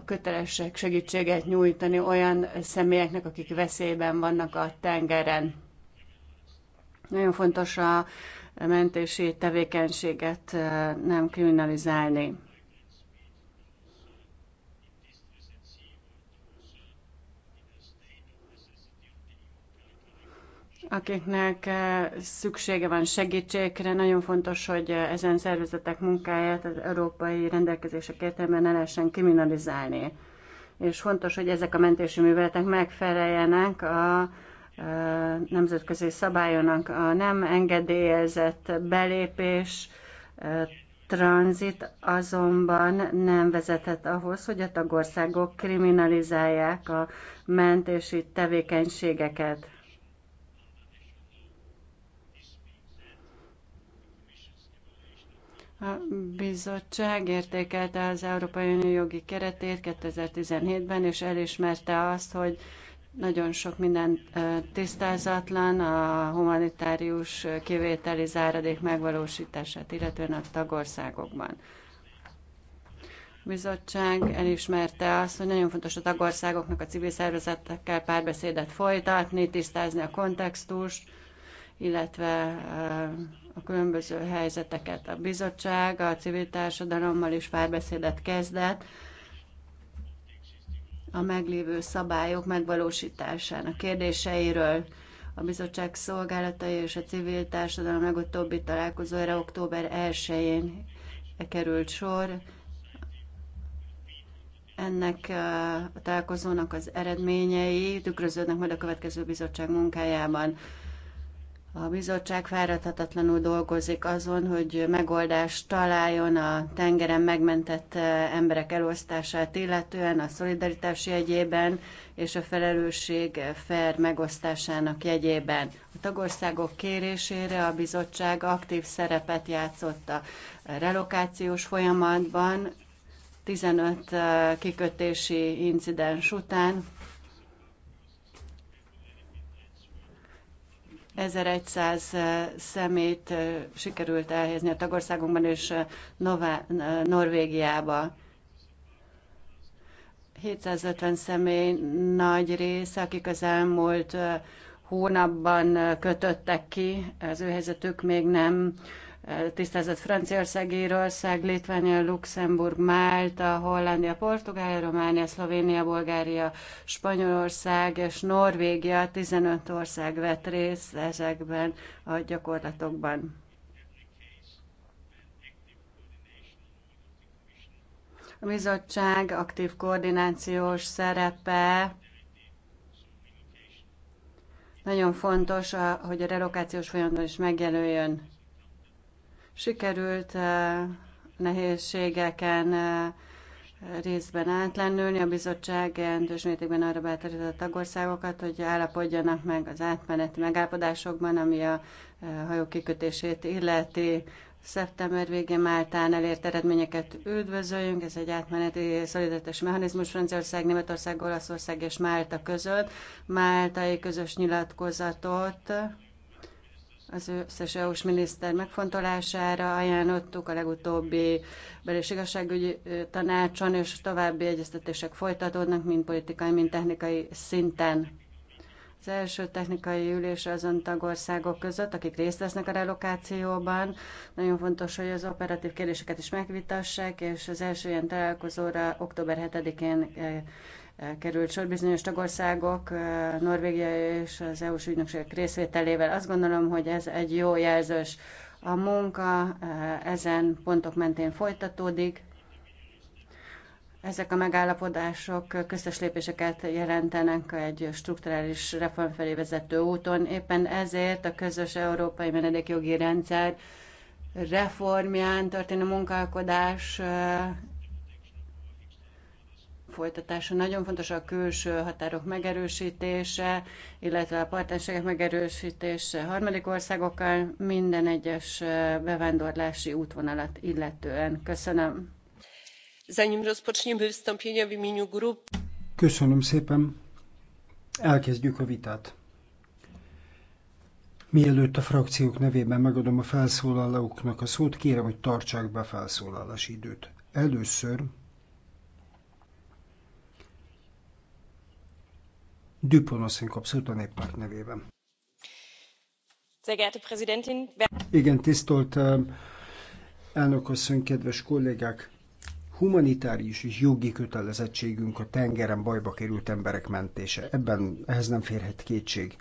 kötelesek segítséget nyújtani olyan személyeknek, akik veszélyben vannak a tengeren. Nagyon fontos a mentési tevékenységet nem kriminalizálni. akiknek szüksége van segítségre. Nagyon fontos, hogy ezen szervezetek munkáját az európai rendelkezések értelemben ne lehessen kriminalizálni. És fontos, hogy ezek a mentési műveletek megfeleljenek a nemzetközi szabályonak a nem engedélyezett belépés, tranzit azonban nem vezethet ahhoz, hogy a tagországok kriminalizálják a mentési tevékenységeket. A bizottság értékelte az Európai Unió jogi keretét 2017-ben, és elismerte azt, hogy nagyon sok minden tisztázatlan a humanitárius kivételi záradék megvalósítását, illetően a tagországokban. A bizottság elismerte azt, hogy nagyon fontos a tagországoknak a civil szervezetekkel párbeszédet folytatni, tisztázni a kontextust, illetve a különböző helyzeteket. A bizottság a civil társadalommal is párbeszédet kezdett, a meglévő szabályok megvalósításának kérdéseiről. A bizottság szolgálatai és a civil társadalom legutóbbi találkozóra október 1-én került sor. Ennek uh, a találkozónak az eredményei tükröződnek majd a következő bizottság munkájában. A bizottság fáradhatatlanul dolgozik azon, hogy megoldást találjon a tengeren megmentett eh, emberek elosztását illetően, a szolidaritás jegyében és a felelősség eh, fair megosztásának jegyében. A tagországok kérésére a bizottság aktív szerepet játszott a relokációs folyamatban, 15 eh, kikötési incidens után, 1100 szemét sikerült elhelyezni a tagországunkban és Nová- Norvégiába. 750 személy nagy része, akik az elmúlt hónapban kötöttek ki, az ő helyzetük még nem tisztázott Franciaország, Írország, Litvánia, Luxemburg, Málta, Hollandia, Portugália, Románia, Szlovénia, Bulgária, Spanyolország és Norvégia 15 ország vett részt ezekben a gyakorlatokban. A bizottság aktív koordinációs szerepe nagyon fontos, hogy a relokációs folyamaton is megjelöljön sikerült eh, nehézségeken eh, részben átlennülni. A bizottság jelentős mértékben arra bátorította a tagországokat, hogy állapodjanak meg az átmeneti megállapodásokban, ami a eh, hajók kikötését illeti. Szeptember végén Máltán elért eredményeket üdvözöljünk. Ez egy átmeneti szolidaritás mechanizmus Franciaország, Németország, Olaszország és Málta között. Máltai közös nyilatkozatot az összes EU-s miniszter megfontolására ajánlottuk a legutóbbi belés igazságügyi tanácson, és további egyeztetések folytatódnak, mind politikai, mind technikai szinten. Az első technikai ülés azon tagországok között, akik részt vesznek a relokációban. Nagyon fontos, hogy az operatív kérdéseket is megvitassák, és az első ilyen találkozóra október 7-én került sor bizonyos tagországok, eh, Norvégia és az EU-s ügynökségek részvételével. Azt gondolom, hogy ez egy jó jelzős. A munka eh, ezen pontok mentén folytatódik. Ezek a megállapodások köztes lépéseket jelentenek egy strukturális reform felé vezető úton. Éppen ezért a közös európai menedékjogi rendszer reformján történő munkálkodás eh, folytatása. Nagyon fontos a külső határok megerősítése, illetve a partnerségek megerősítése harmadik országokkal minden egyes bevándorlási útvonalat illetően. Köszönöm. Zanim rozpoczniemy wystąpienia w imieniu grup. Köszönöm szépen. Elkezdjük a vitát. Mielőtt a frakciók nevében megadom a felszólalóknak a szót, kérem, hogy tartsák be felszólalási időt. Először Dupont asszony kapszott a néppárt nevében. Igen, tisztolt um, elnök kedves kollégák! humanitárius és jogi kötelezettségünk a tengeren bajba került emberek mentése. Ebben ehhez nem férhet kétség.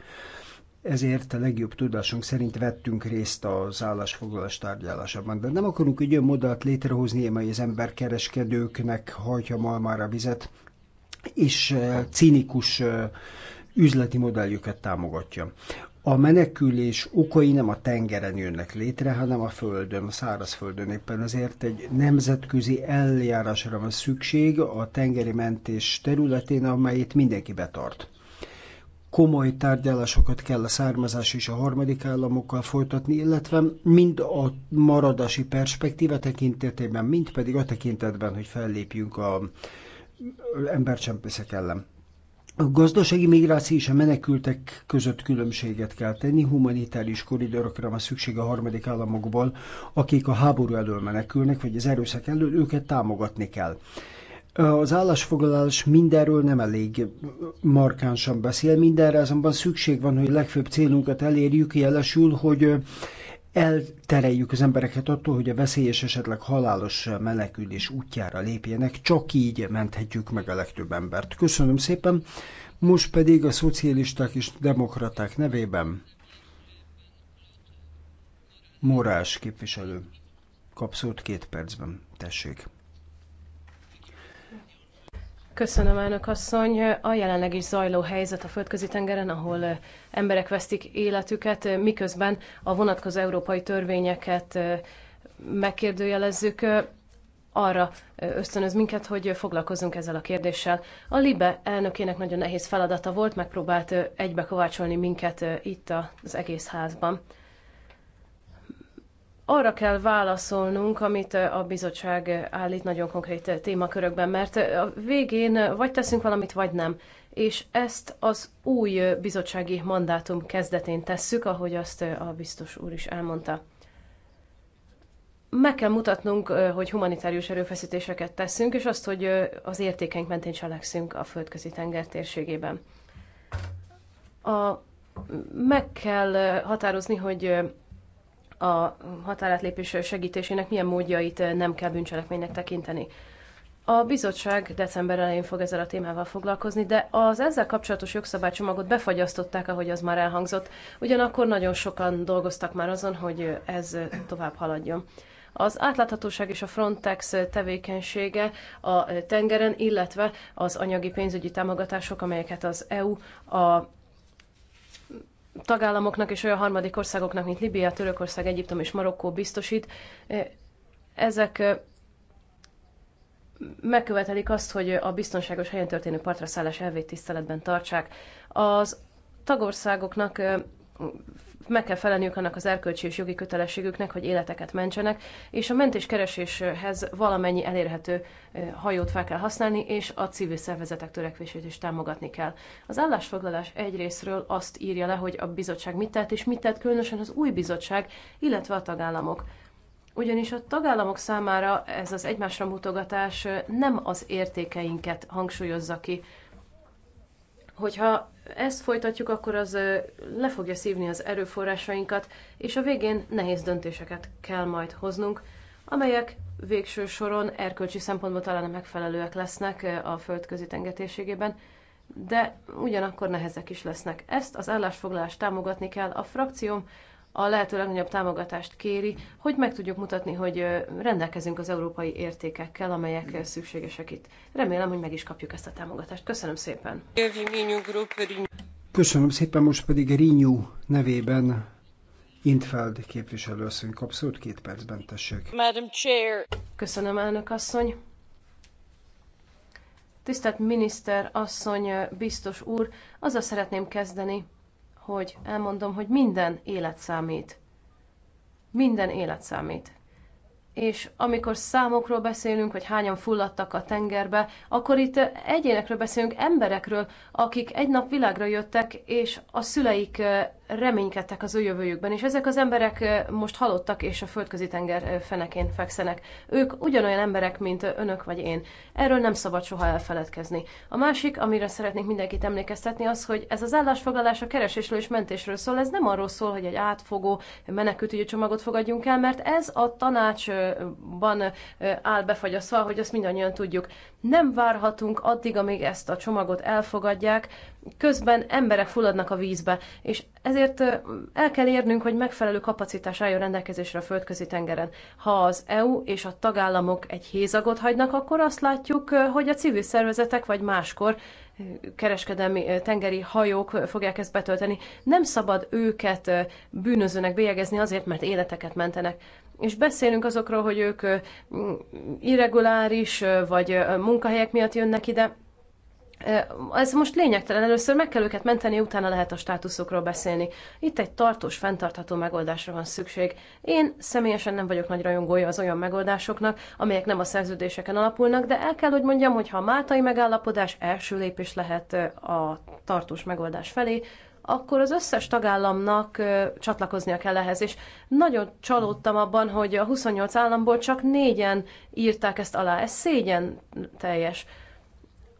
Ezért a legjobb tudásunk szerint vettünk részt az állásfoglalás tárgyalásában. De nem akarunk egy olyan modellt létrehozni, amely az emberkereskedőknek hajtja malmára vizet, és cinikus üzleti modelljüket támogatja. A menekülés okai nem a tengeren jönnek létre, hanem a földön, a szárazföldön éppen ezért egy nemzetközi eljárásra van szükség a tengeri mentés területén, amelyet mindenki betart. Komoly tárgyalásokat kell a származás és a harmadik államokkal folytatni, illetve mind a maradási perspektíva tekintetében, mind pedig a tekintetben, hogy fellépjünk a embercsempészek ellen. A gazdasági migráció és a menekültek között különbséget kell tenni, humanitárius koridorokra van szükség a harmadik államokból, akik a háború elől menekülnek, vagy az erőszak elől, őket támogatni kell. Az állásfoglalás mindenről nem elég markánsan beszél, mindenre azonban szükség van, hogy legfőbb célunkat elérjük, jelesül, hogy eltereljük az embereket attól, hogy a veszélyes, esetleg halálos menekülés útjára lépjenek, csak így menthetjük meg a legtöbb embert. Köszönöm szépen, most pedig a szocialisták és demokraták nevében Morás képviselő kap két percben, tessék. Köszönöm, elnök asszony. A jelenleg is zajló helyzet a földközi tengeren, ahol eh, emberek vesztik életüket, eh, miközben a vonatkozó európai törvényeket eh, megkérdőjelezzük, arra ösztönöz minket, hogy foglalkozzunk ezzel a kérdéssel. A LIBE elnökének nagyon nehéz feladata volt, megpróbált egybe kovácsolni minket itt az egész házban arra kell válaszolnunk, amit eh, a bizottság állít nagyon konkrét eh, témakörökben, mert eh, a végén vagy teszünk valamit, vagy nem. És ezt az új bizottsági mandátum kezdetén tesszük, ahogy azt a biztos úr is elmondta. Meg kell mutatnunk, hogy humanitárius erőfeszítéseket teszünk, és azt, hogy az értékeink mentén cselekszünk a földközi tenger térségében. A, meg kell határozni, hogy a határátlépés segítésének milyen módjait nem kell bűncselekménynek tekinteni. A bizottság december elején fog ezzel a témával foglalkozni, de az ezzel kapcsolatos jogszabálycsomagot befagyasztották, ahogy az már elhangzott. Ugyanakkor nagyon sokan dolgoztak már azon, hogy ez tovább haladjon. Az átláthatóság és a Frontex tevékenysége a tengeren, illetve az anyagi pénzügyi támogatások, amelyeket az EU a tagállamoknak és olyan harmadik országoknak, mint Libia, Törökország, Egyiptom és Marokkó biztosít, ezek megkövetelik azt, hogy a biztonságos helyen történő partra szállás elvét tiszteletben tartsák. Az tagországoknak meg kell felelniük annak az erkölcsi és jogi kötelességüknek, hogy életeket mentsenek, és a mentéskereséshez valamennyi elérhető hajót fel kell használni, és a civil szervezetek törekvését is támogatni kell. Az állásfoglalás egyrésztről azt írja le, hogy a bizottság mit tett, és mit tett különösen az új bizottság, illetve a tagállamok. Ugyanis a tagállamok számára ez az egymásra mutogatás nem az értékeinket hangsúlyozza ki. Hogyha ezt folytatjuk, akkor az le fogja szívni az erőforrásainkat, és a végén nehéz döntéseket kell majd hoznunk, amelyek végső soron erkölcsi szempontból talán megfelelőek lesznek a földközi tengetérségében, de ugyanakkor nehezek is lesznek. Ezt az állásfoglalást támogatni kell. A frakcióm a lehető legnagyobb támogatást kéri, hogy meg tudjuk mutatni, hogy rendelkezünk az európai értékekkel, amelyek szükségesek itt. Remélem, hogy meg is kapjuk ezt a támogatást. Köszönöm szépen! Köszönöm szépen, most pedig Rinyú nevében Intfeld képviselőasszony kap szót, két percben tessék. Madam Chair. Köszönöm, elnök asszony. Tisztelt miniszter asszony, biztos úr, azzal szeretném kezdeni, hogy elmondom, hogy minden élet számít. Minden élet számít és amikor számokról beszélünk, hogy hányan fulladtak a tengerbe, akkor itt egyénekről beszélünk, emberekről, akik egy nap világra jöttek, és a szüleik reménykedtek az ő jövőjükben, és ezek az emberek most halottak, és a földközi tenger fenekén fekszenek. Ők ugyanolyan emberek, mint önök vagy én. Erről nem szabad soha elfeledkezni. A másik, amire szeretnék mindenkit emlékeztetni, az, hogy ez az állásfoglalás a keresésről és mentésről szól. Ez nem arról szól, hogy egy átfogó menekültügyi csomagot fogadjunk el, mert ez a tanács ban áll befagy a szal, hogy azt mindannyian tudjuk. Nem várhatunk addig, amíg ezt a csomagot elfogadják, közben emberek fulladnak a vízbe, és ezért el kell érnünk, hogy megfelelő kapacitás álljon rendelkezésre a földközi tengeren. Ha az EU és a tagállamok egy hézagot hagynak, akkor azt látjuk, hogy a civil szervezetek vagy máskor kereskedelmi tengeri hajók fogják ezt betölteni. Nem szabad őket bűnözőnek bélyegezni azért, mert életeket mentenek és beszélünk azokról, hogy ők irreguláris vagy munkahelyek miatt jönnek ide. Ez most lényegtelen, először meg kell őket menteni, utána lehet a státuszokról beszélni. Itt egy tartós, fenntartható megoldásra van szükség. Én személyesen nem vagyok nagy rajongója az olyan megoldásoknak, amelyek nem a szerződéseken alapulnak, de el kell, hogy mondjam, hogy ha a máltai megállapodás első lépés lehet a tartós megoldás felé, akkor az összes tagállamnak csatlakoznia kell ehhez. És nagyon csalódtam abban, hogy a 28 államból csak négyen írták ezt alá. Ez szégyen teljes.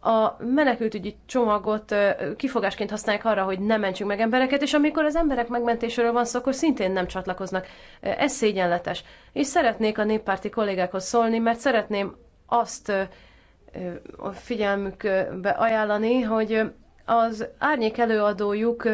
A menekültügyi csomagot kifogásként használják arra, hogy ne mentsünk meg embereket, és amikor az emberek megmentéséről van szó, akkor szintén nem csatlakoznak. Ez szégyenletes. És szeretnék a néppárti kollégákhoz szólni, mert szeretném azt a figyelmükbe ajánlani, hogy az árnyék előadójuk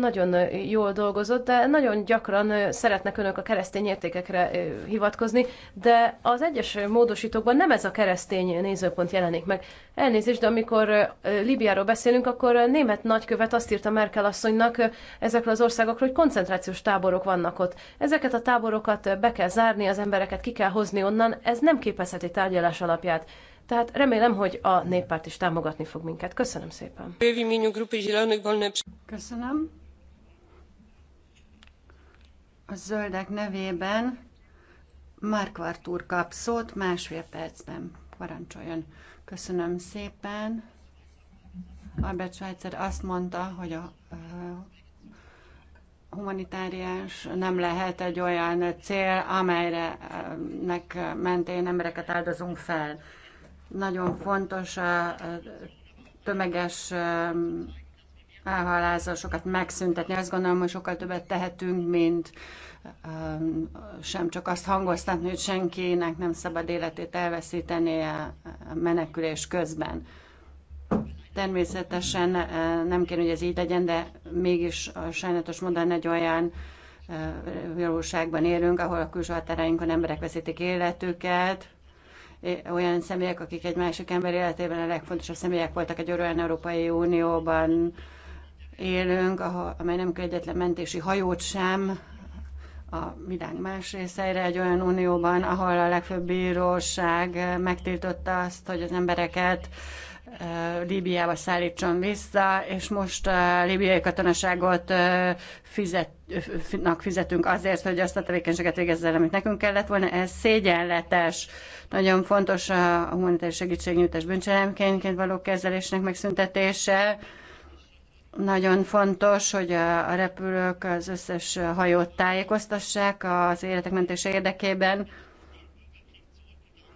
nagyon jól dolgozott, de nagyon gyakran szeretnek önök a keresztény értékekre hivatkozni, de az egyes módosítókban nem ez a keresztény nézőpont jelenik meg. Elnézést, de amikor Libiáról beszélünk, akkor a német nagykövet azt írta Merkel asszonynak ezekről az országokról, hogy koncentrációs táborok vannak ott. Ezeket a táborokat be kell zárni, az embereket ki kell hozni onnan, ez nem képezheti tárgyalás alapját. Tehát remélem, hogy a néppárt is támogatni fog minket. Köszönöm szépen. Köszönöm. A zöldek nevében Markvart úr kap szót másfél percben. Parancsoljon. Köszönöm szépen. Albert Schweitzer azt mondta, hogy a humanitáriás nem lehet egy olyan cél, amelyre nek mentén embereket áldozunk fel. Nagyon fontos a tömeges elhalázásokat megszüntetni. Azt gondolom, hogy sokkal többet tehetünk, mint sem csak azt hangoztatni, hogy senkinek nem szabad életét elveszíteni a menekülés közben. Természetesen eh, nem kéne, hogy ez így legyen, de mégis sajnálatos módon egy olyan eh, valóságban élünk, ahol a külső határainkon emberek veszítik életüket, Eh, olyan személyek, akik egy másik ember életében a legfontosabb személyek voltak egy olyan Európai Unióban élünk, amely nem egyetlen mentési hajót sem a világ más részeire, egy olyan unióban, ahol a legfőbb bíróság megtiltotta azt, hogy az embereket Eh, Líbiába szállítson vissza, és most a eh, líbiai katonaságot eh, fizet, fizetünk azért, hogy azt a tevékenységet végezzel, amit nekünk kellett volna. Ez szégyenletes. Nagyon fontos a humanitári segítségnyújtás bűncselemként való kezelésnek megszüntetése. Nagyon fontos, hogy a repülők az összes hajót tájékoztassák az életek mentése érdekében.